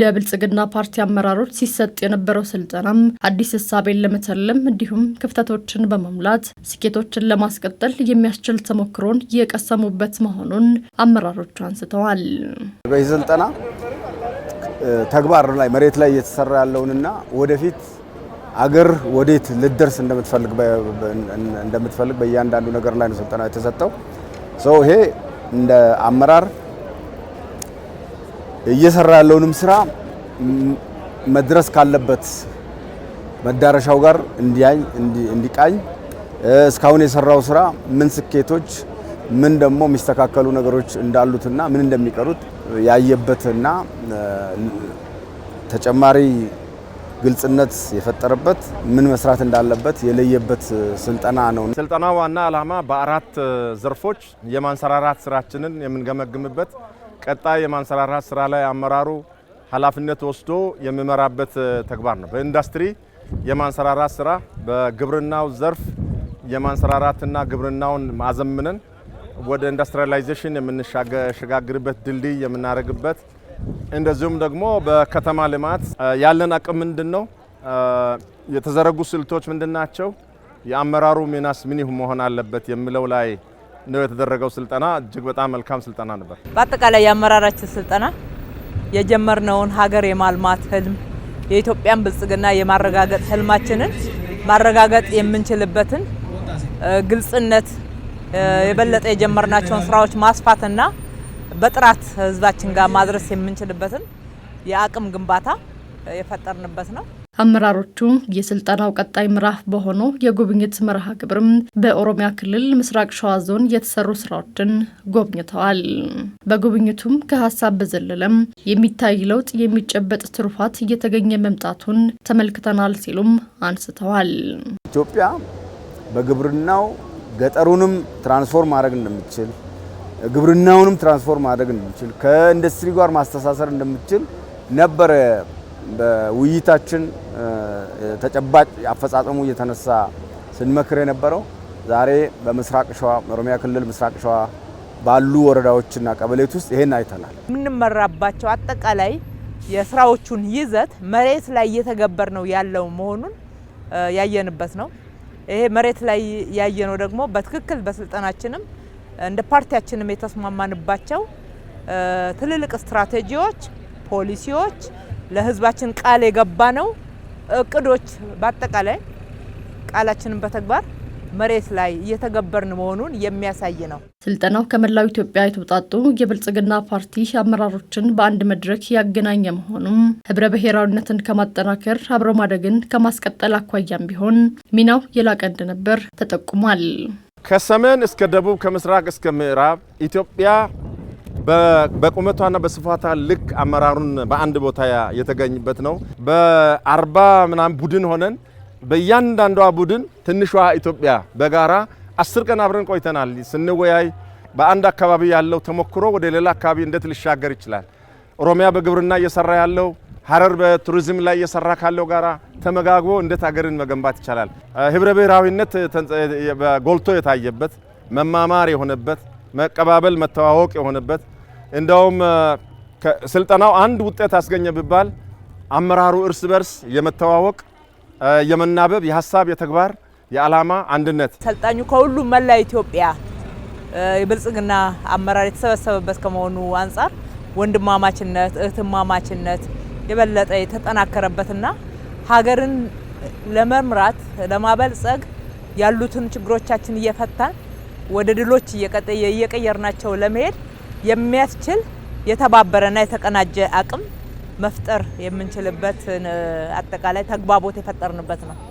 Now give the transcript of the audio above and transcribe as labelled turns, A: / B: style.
A: ለብልጽግና ፓርቲ አመራሮች ሲሰጥ የነበረው ስልጠናም አዲስ እሳቤን ለመተለም እንዲሁም ክፍተቶችን በመሙላት ስኬቶችን ለማስቀጠል የሚያስችል ተሞክሮን የቀሰሙበት መሆኑን አመራሮቹ አንስተዋል።
B: በዚህ ስልጠና ተግባር ላይ መሬት ላይ እየተሰራ ያለውንና ወደፊት አገር ወዴት ልደርስ እንደምትፈልግ በእያንዳንዱ ነገር ላይ ነው ስልጠና የተሰጠው። ይሄ እንደ አመራር እየሰራ ያለውንም ስራ መድረስ ካለበት መዳረሻው ጋር እንዲቃኝ እስካሁን የሰራው ስራ ምን ስኬቶች ምን ደግሞ የሚስተካከሉ ነገሮች እንዳሉትና ምን እንደሚቀሩት ያየበትና ተጨማሪ ግልጽነት የፈጠረበት ምን መስራት እንዳለበት የለየበት ስልጠና ነው።
C: ስልጠና ዋና ዓላማ በአራት ዘርፎች የማንሰራራት ስራችንን የምንገመግምበት ቀጣይ የማንሰራራት ስራ ላይ አመራሩ ኃላፊነት ወስዶ የሚመራበት ተግባር ነው። በኢንዱስትሪ የማንሰራራት ስራ፣ በግብርናው ዘርፍ የማንሰራራትና ግብርናውን ማዘምነን ወደ ኢንዱስትሪላይዜሽን የምንሸጋግርበት ድልድይ የምናደርግበት እንደዚሁም ደግሞ በከተማ ልማት ያለን አቅም ምንድን ነው? የተዘረጉ ስልቶች ምንድን ናቸው? የአመራሩ ሚናስ ምን መሆን አለበት የሚለው ላይ ነው የተደረገው ስልጠና እጅግ በጣም መልካም ስልጠና ነበር።
D: በአጠቃላይ የአመራራችን ስልጠና የጀመርነውን ሀገር የማልማት ህልም የኢትዮጵያን ብልጽግና የማረጋገጥ ህልማችንን ማረጋገጥ የምንችልበትን ግልጽነት የበለጠ የጀመርናቸውን ስራዎች ማስፋትና በጥራት ህዝባችን ጋር ማድረስ የምንችልበትን የአቅም ግንባታ የፈጠርንበት ነው።
A: አመራሮቹ የስልጠናው ቀጣይ ምዕራፍ በሆነው የጉብኝት መርሃ ግብርም በኦሮሚያ ክልል ምስራቅ ሸዋ ዞን የተሰሩ ስራዎችን ጎብኝተዋል። በጉብኝቱም ከሀሳብ በዘለለም የሚታይ ለውጥ፣ የሚጨበጥ ትሩፋት እየተገኘ መምጣቱን ተመልክተናል ሲሉም አንስተዋል።
B: ኢትዮጵያ በግብርናው ገጠሩንም ትራንስፎርም ማድረግ እንደምችል ግብርናውንም ትራንስፎርም ማድረግ እንደምችል ከኢንዱስትሪ ጋር ማስተሳሰር እንደምችል ነበረ በውይይታችን ተጨባጭ አፈጻጸሙ እየተነሳ ስንመክር የነበረው ዛሬ በምስራቅ ሸዋ ኦሮሚያ ክልል ምስራቅ ሸዋ ባሉ ወረዳዎችና ቀበሌት ውስጥ ይሄን አይተናል።
D: የምንመራባቸው አጠቃላይ የስራዎቹን ይዘት መሬት ላይ እየተገበር ነው ያለው መሆኑን ያየንበት ነው። ይሄ መሬት ላይ ያየነው ደግሞ በትክክል በስልጠናችንም እንደ ፓርቲያችንም የተስማማንባቸው ትልልቅ ስትራቴጂዎች፣ ፖሊሲዎች ለህዝባችን ቃል የገባ ነው እቅዶች በአጠቃላይ ቃላችንን በተግባር መሬት ላይ እየተገበርን መሆኑን የሚያሳይ ነው።
A: ስልጠናው ከመላው ኢትዮጵያ የተውጣጡ የብልጽግና ፓርቲ አመራሮችን በአንድ መድረክ ያገናኘ መሆኑም ህብረ ብሔራዊነትን ከማጠናከር አብረ ማደግን ከማስቀጠል አኳያም ቢሆን ሚናው የላቀ እንደነበር ተጠቁሟል።
C: ከሰሜን እስከ ደቡብ ከምስራቅ እስከ ምዕራብ ኢትዮጵያ በቁመቷና በስፋቷ ልክ አመራሩን በአንድ ቦታ የተገኝበት ነው። በአርባ ምናምን ቡድን ሆነን በእያንዳንዷ ቡድን ትንሿ ኢትዮጵያ በጋራ አስር ቀን አብረን ቆይተናል ስንወያይ በአንድ አካባቢ ያለው ተሞክሮ ወደ ሌላ አካባቢ እንዴት ሊሻገር ይችላል፣ ኦሮሚያ በግብርና እየሰራ ያለው ሀረር በቱሪዝም ላይ እየሰራ ካለው ጋራ ተመጋግቦ እንዴት ሀገርን መገንባት ይቻላል፣ ህብረ ብሔራዊነት ጎልቶ የታየበት መማማር የሆነበት መቀባበል መተዋወቅ የሆነበት እንደውም ስልጠናው አንድ ውጤት አስገኘ ቢባል አመራሩ እርስ በርስ የመተዋወቅ የመናበብ የሀሳብ የተግባር የዓላማ አንድነት
D: ሰልጣኙ ከሁሉም መላ ኢትዮጵያ የብልጽግና አመራር የተሰበሰበበት ከመሆኑ አንጻር ወንድማማችነት እህትማማችነት የበለጠ የተጠናከረበትና ሀገርን ለመምራት ለማበልጸግ ያሉትን ችግሮቻችን እየፈታን ወደ ድሎች እየቀየርናቸው ለመሄድ የሚያስችል የተባበረና የተቀናጀ አቅም መፍጠር የምንችልበት አጠቃላይ ተግባቦት የፈጠርንበት ነው።